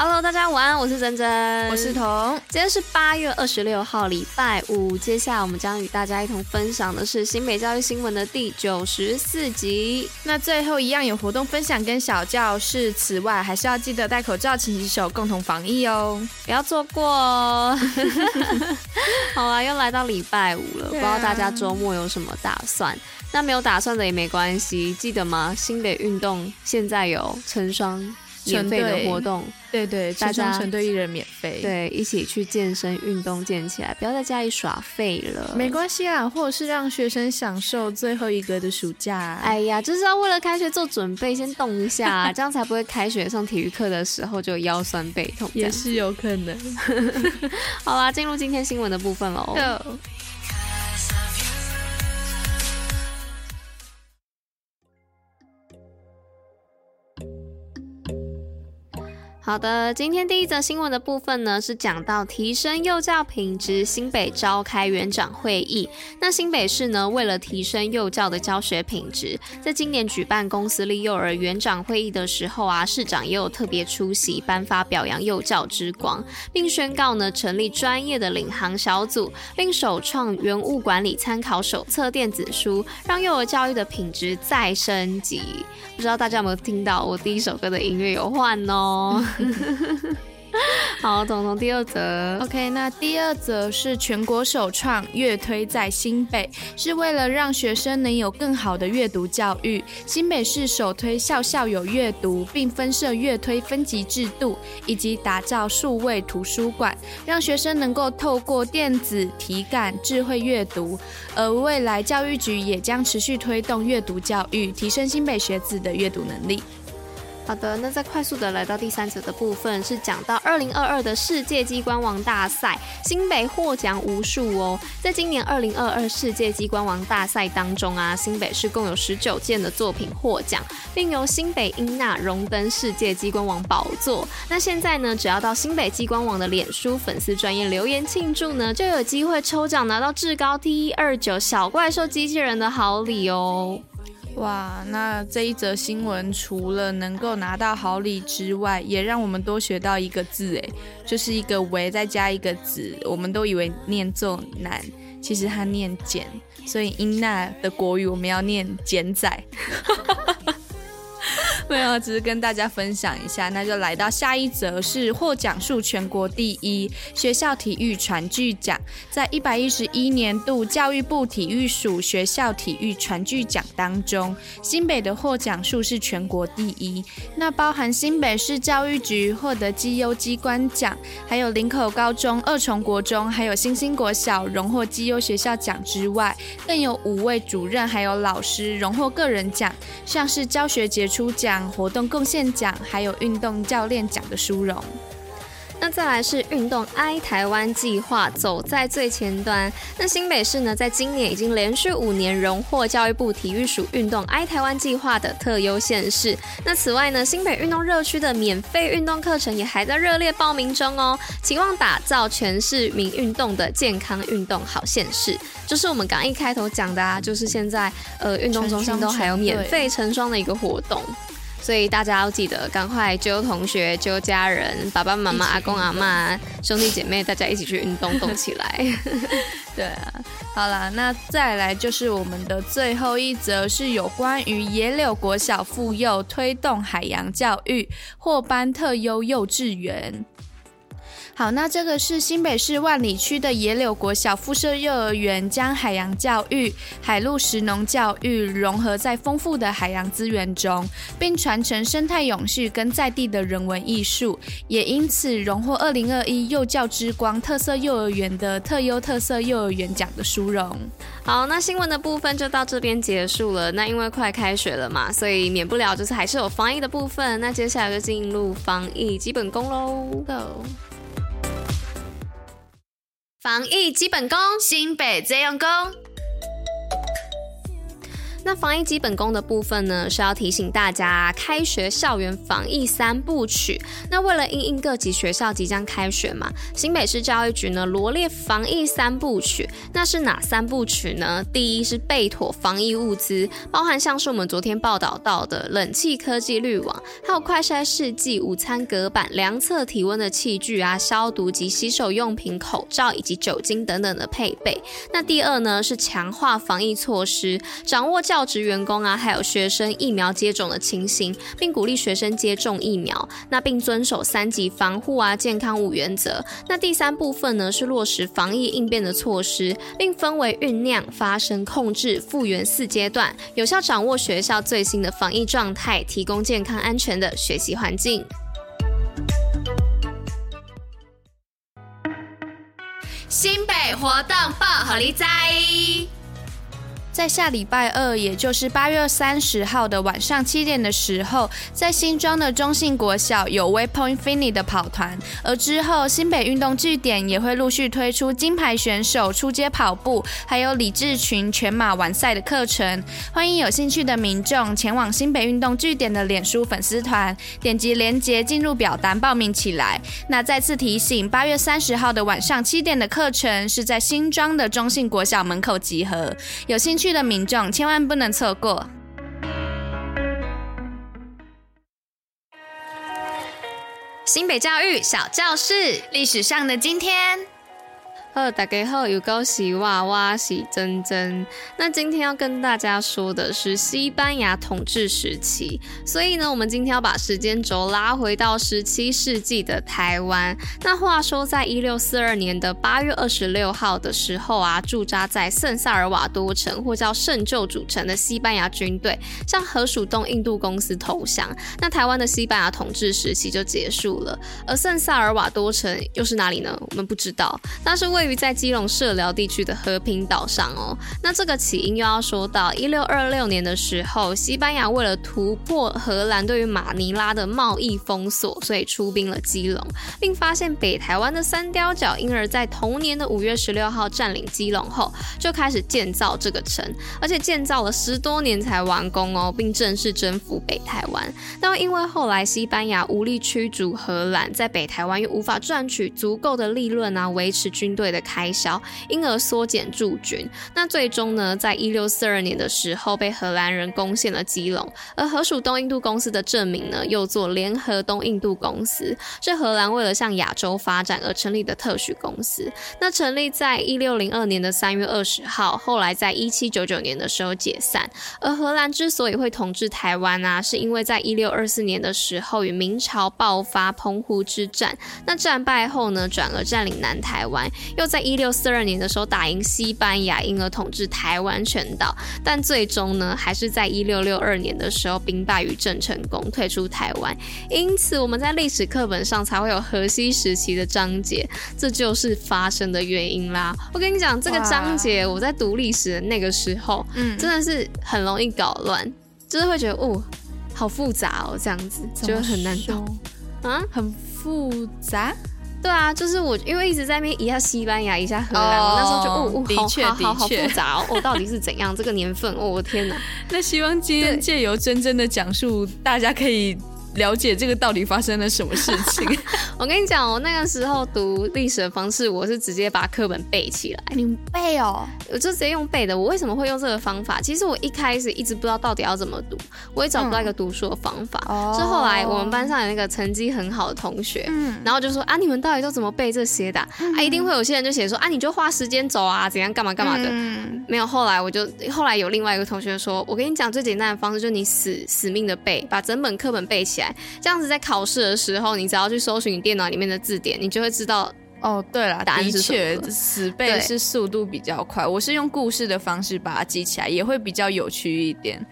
Hello，大家晚安，我是珍珍，我是彤。今天是八月二十六號，禮拜五。接下來我們將與大家一同分享的是新北教育新聞的第九十四集。那最後一樣有活動分享跟小教室。此外還是要記得戴口罩、勤洗、洗手，共同防疫哦，不要錯過哦。 好啦、啊，又來到禮拜五了，啊，不知道大家周末有什麼打算？那沒有打算的也沒關係，記得嗎？新北運動現在有成雙。免費的活動，對對，對，對，大家成對一人免費，對，一起去健身運動，健起來，不要在家裡耍廢了。沒關係啊，或者是讓學生享受最後一個的暑假。哎呀，就是要為了開學做準備，先動一下，啊， 這樣才不會開學上體育課的時候就腰酸背痛。也是有可能。 好啦，進入今天新聞的部分嘍。Oh. 好的，今天第一則新聞的部分呢，是講到提升幼教品質，新北召開園長會議。那新北市呢，為了提升幼教的教學品質，在今年舉辦公私立幼兒園長會議的時候啊，市長也有特別出席，頒發表揚幼教之光，並宣告呢成立專業的領航小組，並首創園務管理參考手冊電子書，讓幼兒教育的品質再升級。不知道大家有沒有聽到我第一首歌的音樂有換哦。 好，總彤，第二則。OK，那第二則是全國首創閱推在新北，是為了讓學生能有更好的閱讀教育。新北市首推校校有閱讀，並分設閱推分級制度，以及打造數位圖書館，讓學生能夠透過電子體感智慧閱讀。而未來教育局也將持續推動閱讀教育，提升新北學子的閱讀能力。好的，那再快速的來到第三者的部分，是講到二零二二的世界機關王大賽，新北獲獎無數哦。在今年二零二二世界機關王大賽當中啊，新北市共有十九件的作品獲獎，並由新北英娜榮登世界機關王寶座。那現在呢，只要到新北機關王的臉書粉絲專頁留言慶祝呢，就有機會抽獎拿到至高 T E 二九小怪獸機器人的好禮哦。哇，那這一則新聞除了能夠拿到好禮之外，也讓我們多學到一個字誒，就是一個“圍”再加一個“子”，我們都以為念作“難”，其實它念“簡”，所以英娜的國語我們要念“簡仔。” 沒有，只是跟大家分享一下。那就來到下一則，是獲獎數全國第一，學校體育傳炬獎。在一百一十一年度教育部體育署學校體育傳炬獎當中，新北的獲獎數是全國第一。那包含新北市教育局獲得績優機關獎，還有林口高中二重國中，還有新興國小榮獲績優學校獎之外，更有五位主任還有老師榮獲個人獎，像是教學傑出獎。活動貢獻獎，還有運動教練獎的殊榮。那再來是運動 I 台灣計劃走在最前端。那新北市呢，在今年已經連續五年榮獲教育部體育署運動 I 台灣計劃的特優縣市。那此外呢，新北運動熱區的免費運動課程也還在熱烈報名中哦。期望打造全市民運動的健康運動好縣市，就是我們剛一開頭講的啊，就是現在呃運動中心都還有免費成雙的一個活動。全所以大家要記得，趕快揪同學、揪家人、爸爸媽媽、阿公阿媽、兄弟姐妹，大家一起去運動，動起來。 對啊，好了，那再來就是我們的最後一則，是有關於野柳國小附幼推動海洋教育，獲頒特優幼，幼稚園。好，那這個是新北市萬里區的野柳國小附設幼兒園，將海洋教育、海陸食農教育融合在豐富的海洋資源中，並傳承生態永續跟在地的人文藝術，也因此榮獲二零二一幼教之光特色幼兒園的特優特色幼兒園獎的殊榮。好，那新聞的部分就到這邊結束了。那因為快開學了嘛，所以免不了就是還是有防疫的部分。那接下來就進入防疫基本功嘍，Go！、So. 防疫基本功，新北最用功。那防疫基本功的部分呢，是要提醒大家，開學校園防疫三部曲。那為了因應各級學校即將開學嘛，新北市教育局呢羅列防疫三部曲。那是哪三部曲呢？第一是備妥防疫物資，包含像是我們昨天報道到的冷氣科技濾網，還有快篩試劑、午餐隔板、量測體溫的器具啊、消毒及洗手用品、口罩以及酒精等等的配備。那第二呢是強化防疫措施，掌握教教職員工啊，還有學生疫苗接種的情形，並鼓勵學生接種疫苗。那並遵守三級防護啊，健康五原則。那第三部分呢，是落實防疫應變的措施，並分為醞釀、發生、控制、復原四階段，有效掌握學校最新的防疫狀態，提供健康安全的學習環境。新北活動報虎哩知。在下禮拜二，也就是八月三十號的晚上七點的時候，在新莊的中信國小有 Waypoint Finish 的跑團，而之後新北運動據點也會陸續推出金牌選手出街跑步，還有李志群全馬完賽的課程，歡迎有興趣的民眾前往新北運動據點的臉書粉絲團，點擊鏈接進入表單報名起來。那再次提醒，八月三十號的晚上七點的課程是在新莊的中信國小門口集合，有興趣的民眾千萬不能錯過。新北教育小教室，歷史上的今天。大家好，有高喜娃娃喜珍珍。那今天要跟大家說的是西班牙統治時期，所以呢，我們今天要把時間軸拉回到十七世紀的台灣。那話說，在一六四二年的八月二十六號的時候啊，駐紮在聖薩爾瓦多城或叫聖救主城的西班牙軍隊向荷屬東印度公司投降，那台灣的西班牙統治時期就結束了。而聖薩爾瓦多城又是哪裡呢？我們不知道，但是為於在基隆社寮地區的和平島上哦，那這個起因又要說到一六二六年的時候，西班牙為了突破荷蘭對於馬尼拉的貿易封鎖，所以出兵了基隆，並發現北台灣的三貂角，因而，在同年的五月十六號占領基隆後，就開始建造這個城，而且建造了十多年才完工哦，並正式征服北台灣。那因為後來西班牙無力驅逐荷蘭，在北台灣又無法賺取足夠的利潤啊，維持軍隊的。開銷，因而縮減駐軍。那最終呢，在一六四二年的時候，被荷蘭人攻陷了基隆。而荷屬東印度公司的正名呢，又做聯合東印度公司，是荷蘭為了向亞洲發展而成立的特許公司。那成立在一六零二年的三月二十號，後來在一七九九年的時候解散。而荷蘭之所以會統治台灣啊，是因為在一六二四年的時候，與明朝爆發澎湖之戰。那戰敗後呢，轉而占領南台灣。又在一六四二年的時候打贏西班牙，因而統治台灣全島。但最終呢，還是在一六六二年的時候兵敗於鄭成功，退出台灣。因此，我們在歷史課本上才會有荷西時期的章節，這就是發生的原因啦。我跟你講，這個章節我在讀歷史的那個時候，嗯，真的是很容易搞亂，就是會覺得哦，好複雜哦，這樣子，就很難懂，啊，很複雜。對啊，就是我因為一直在那邊一下西班牙，一下荷蘭，oh, 我那時候就哦,哦的確好,好,好,好複雜哦, 哦，到底是怎樣？ 這個年份哦，我天哪！那希望今天借由真真的講述，大家可以。了解這個到底發生了什麼事情？ 我跟你講，我那個時候讀歷史的方式，我是直接把課本背起來。你們背哦，我就直接用背的。我為什麼會用這個方法？其實我一開始一直不知道到底要怎麼讀，我也找不到一個讀書的方法。哦、嗯。所以後來我們班上有那個成績很好的同學，嗯，然後就說啊，你們到底都怎麼背這些的啊、嗯？啊，一定會有些人就寫說啊，你就花時間走啊，怎樣幹嘛幹嘛的。嗯。沒有，後來我就後來有另外一個同學說，我跟你講最簡單的方式，就是你死死命的背，把整本課本背起來。這樣子在考試的時候，你只要去搜尋你電腦裡面的字典，你就會知道。哦，對了，的確 十倍是速度比較快。我是用故事的方式把它記起來，也會比較有趣一點。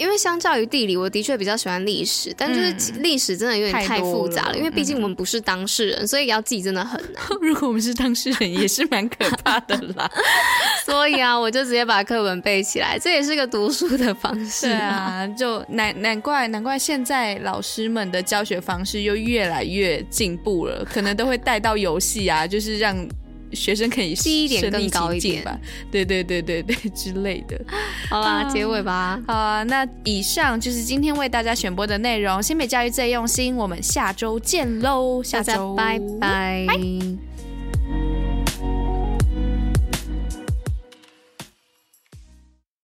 因為相較於地理，我的確比較喜歡歷史，但就是歷史真的有點太複雜了，嗯，太多了，嗯。因為畢竟我們不是當事人，所以要記真的很難。如果我們是當事人，也是蠻可怕的啦。 所以啊，我就直接把課文背起來，這也是個讀書的方式啊。對啊，就難難怪難怪現在老師們的教學方式又越來越進步了，可能都會帶到遊戲啊， 就是讓。學生可以適應力更高一點吧，對對對對對之類的、啊，好、嗯、吧？結尾吧，好啊，吧啊，那以上就是今天為大家選播的內容，新北教育最用心，我們下週見嘍，下次拜拜。拜拜拜拜。